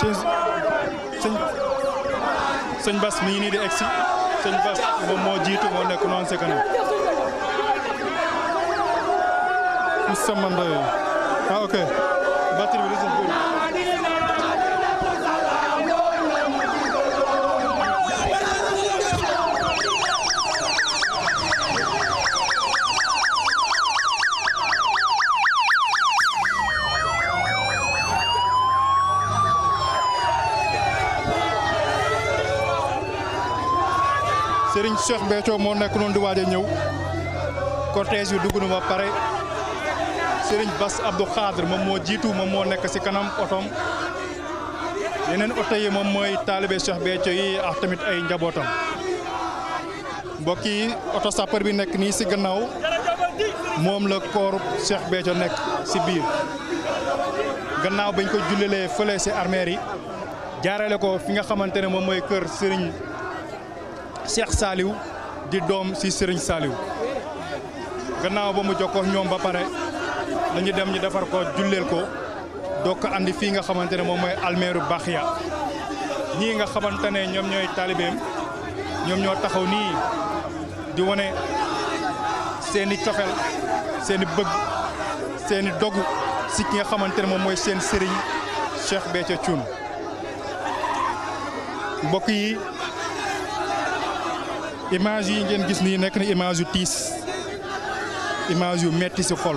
sëñ sëñ sëñ Bass mi ngi nii di egg si sëñ Bass moo jiitu moo nekk noonu si kanam Moussa Mandoye ah ok batterie bi Cheikh Béthio moo nekk noonu di waaj a ñëw cortège bi dugg na ba pare Serigne Bass Abdou Khadre moom moo jiitu moom moo nekk ci kanam otoom yeneen oto yi moom mooy taalibe Cheikh Béthio yi ak tamit ay njabootam mbokk yi oto sapeur bi nekk nii ci gannaaw moom la kooru Cheikh Béthio nekk ci biir gannaaw bañ ko jullelee fële ci armeer yi jaarale ko fi nga xamante ne moom mooy kër Serigne. Cheikh saaliw di doom si sëriñ saaliw gannaaw ba mu jox ko ñoom ba pare dañu dem ñu defar ko julleel ko doog ko andi fii nga xamante moom mooy almeeru Baxiya ñii nga xamante ne ñoom ñooy taalibeem ñoom ñoo taxaw nii di wane seeni cofeel seeni bëgg seeni dogu si nga xamante ne moom mooy seen sëriñ Cheikh Béthio Thioune mbokk yi image yi ngeen gis nii nekk na image yu tiis image yu metti ci xol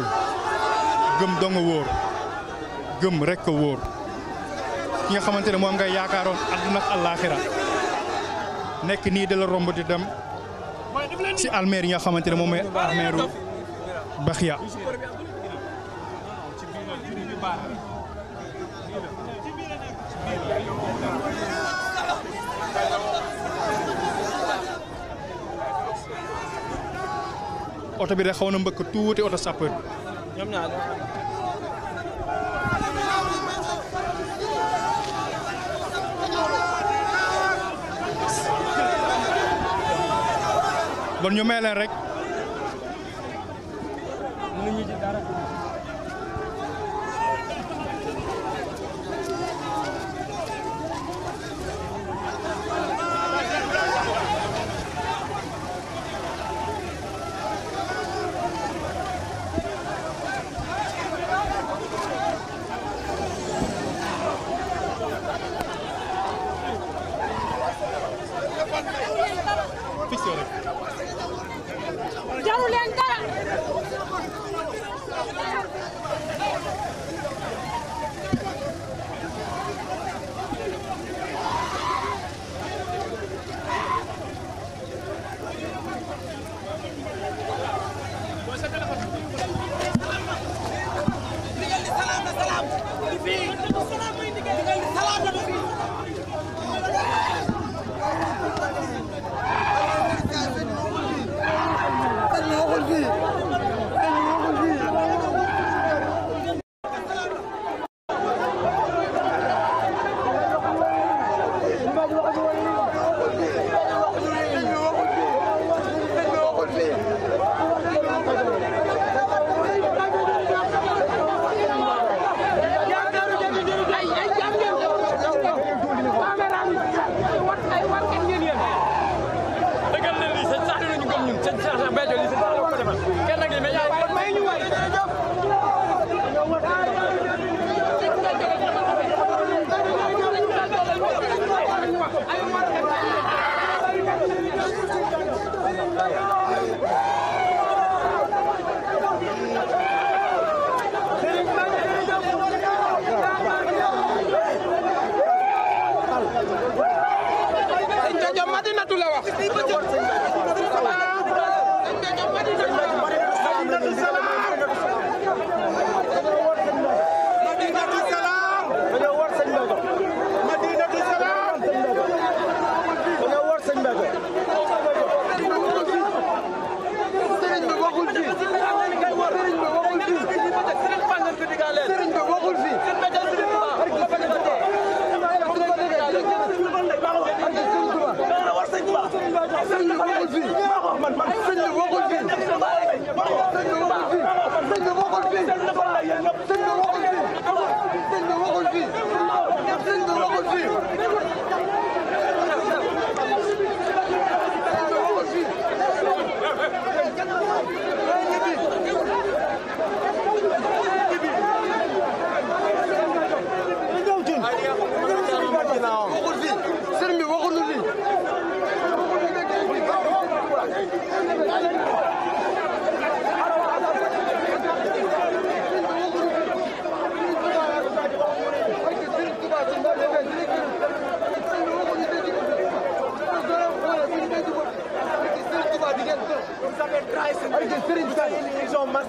gëm dong wóor gëm rek ko wóor ki nga xamante moom nga yaakaaroon àdduna ak àllaaxira nekk nii da la romb di dem ci almeer yi nga xamante moom mooy almeeru Baxiya oto bi rek xaw na mbëkk tuuti oto sapeur bi ñoom ñaar ñu may leen rek ですよね。waxul fii sëñ bi waxul fii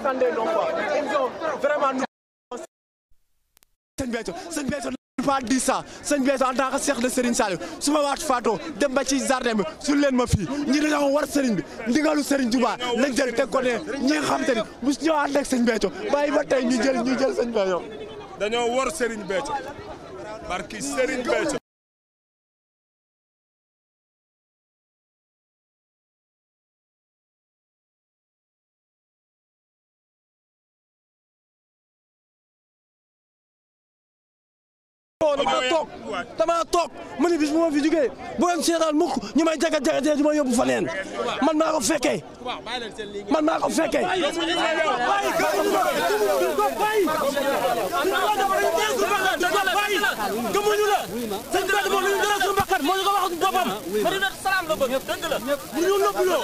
attendez non pas ils ont vraiment nous sëñ Béthio sëñ Béthio pas dit ça sëñ Béthio en tant que cheikh de Serigne Saliou su ma waat faatoo dem ba ci jardin bi su leen ma fii ñi dañoo war Serigne bi ndigalu Serigne Touba lañ jël teg ko ne ñi nga xam te ni mos ñoo ànd ak sëñ Béthio bàyyi ba tey ñu jël ñu jël sëñ Béthio dañoo war Serigne Béthio barki Serigne Béthio o damaa toog damaa toog ma ne bis bu ma fi jógee bu leen seetaan mukk ñu may jaga-jagatee di ma yóbbu fa neen man maa ko fekkee man maa ko fekkee gëmuñu la sëñ Bada moom ñu dara suñu bakkan moo ñu ko wax boppam ma di salaam la bëgg dëgg la ñu nëbbuloo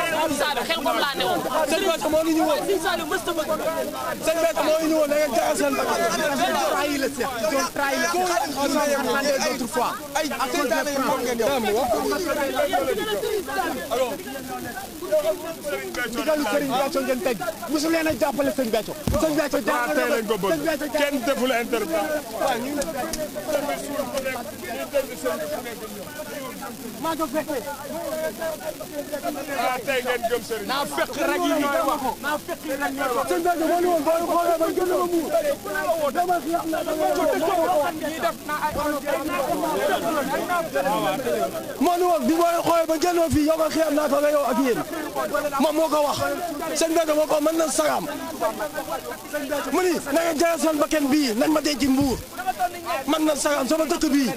Serigne Saliou xel xom laa ne woon. sëñ Bethio moo ñu ñu woon sëñ Saliou mës na bëggoon. sëñ Bethio moo ñu ñu woon da ngeen jaxal seen bakkan. trahi le Cheikh doon trahi le Cheikh on s'en entendait d'autres fois. ay seytaane yi moom ngeen yow. alors. ndigalu Serigne Bethio ngeen teg mosu leen a jàppale sëñ Bethio. sëñ Bethio jàppale leen ko sëñ Bethio jàppale kenn deful intervention. waaw ñun. ah tey ngeen gëm sëriñ. naa fekk rek yi ñooy wax naa a ma muur. dama si yàq na dama yàq na ñuy def na ay maa ngi ah, bi boo ba gënoo fii yow ak xiyam naa ko yow ak yéen moom moo ko wax sëñ Bada na saraam mu ni na ngeen jaay seen bakkan bii nañ ma denc mbuur. man na sa sama dëkk bii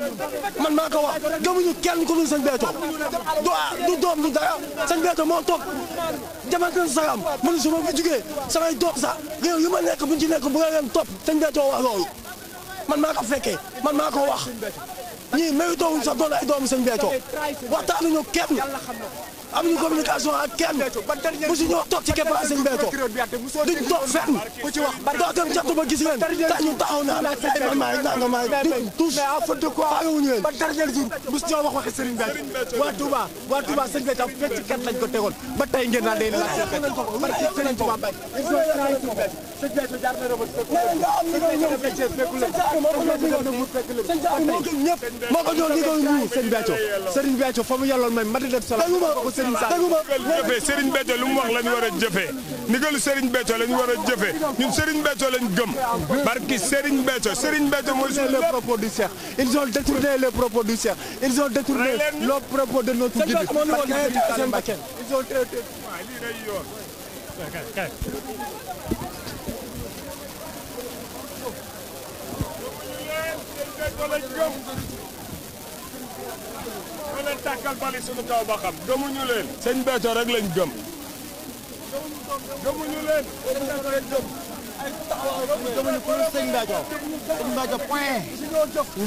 man maa ko wax gëmuñu kenn ku dul sëñ Béthio a ah, du doom du dara sëñ Béthio moo toog demal na sagam man su ma fi jugee samay doom sax réew yu ma nekk bu ci nekk bu nga leen top sëñ Béthio wax loolu man maa ko fekkee man maa ko wax ñii méritoowuñ sax doon ay doomu sëñ Béthio waxtaanuñu kenn amuñu communication ak kenn mosu ñoo toog ci keppaaru sëñ Béthio duñ fenn ku ci ba gis leen te ñu taxaw naa la ay man maay nanga maay fa mu yàlloon may ma def solo Serigne Sall jëfee Serigne Béthio lu mu wax lañ war a jëfee ndigalu Serigne Béthio lañ war a jëfee ñun Serigne Béthio lañ gëm barki Serigne Béthio Serigne Béthio mooy suñu les propos du Cheikh ils ont détourné les propos du Cheikh ils ont détourné les propos de notre guide leen tàkkal bali suñu kaw ba xam gëmuñu leen sëñ Béthio rek lañ gëm sëñ Béthio point sëñ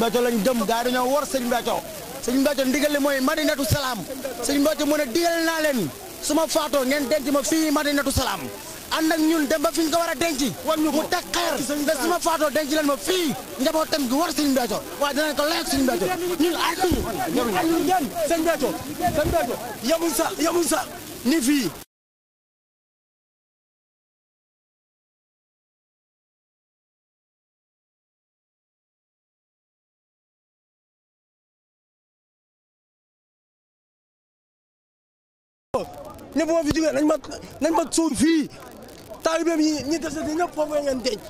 Béthio lañ gëm gaa yi dañoo war sëñ Béthio sëñ Béthio ndigal li mooy madinatu salaam sëñ Béthio mu ne digal naa leen su ma faatoo ngeen denc ma fii madinatu salaam ànd ak ñun dem ba fi ñu ko denc wan ñu mu teg xeer ne ma faatoo denc leen ma fii njabootam gi war Serigne Béthio waaye dinañ ko laaj Serigne Béthio ñun ànduñu ñun ànduñu ngeen Serigne Béthio Serigne Béthio yemul ni fi taalibeem yi ñi desati ñëpp foofu ngeen denc.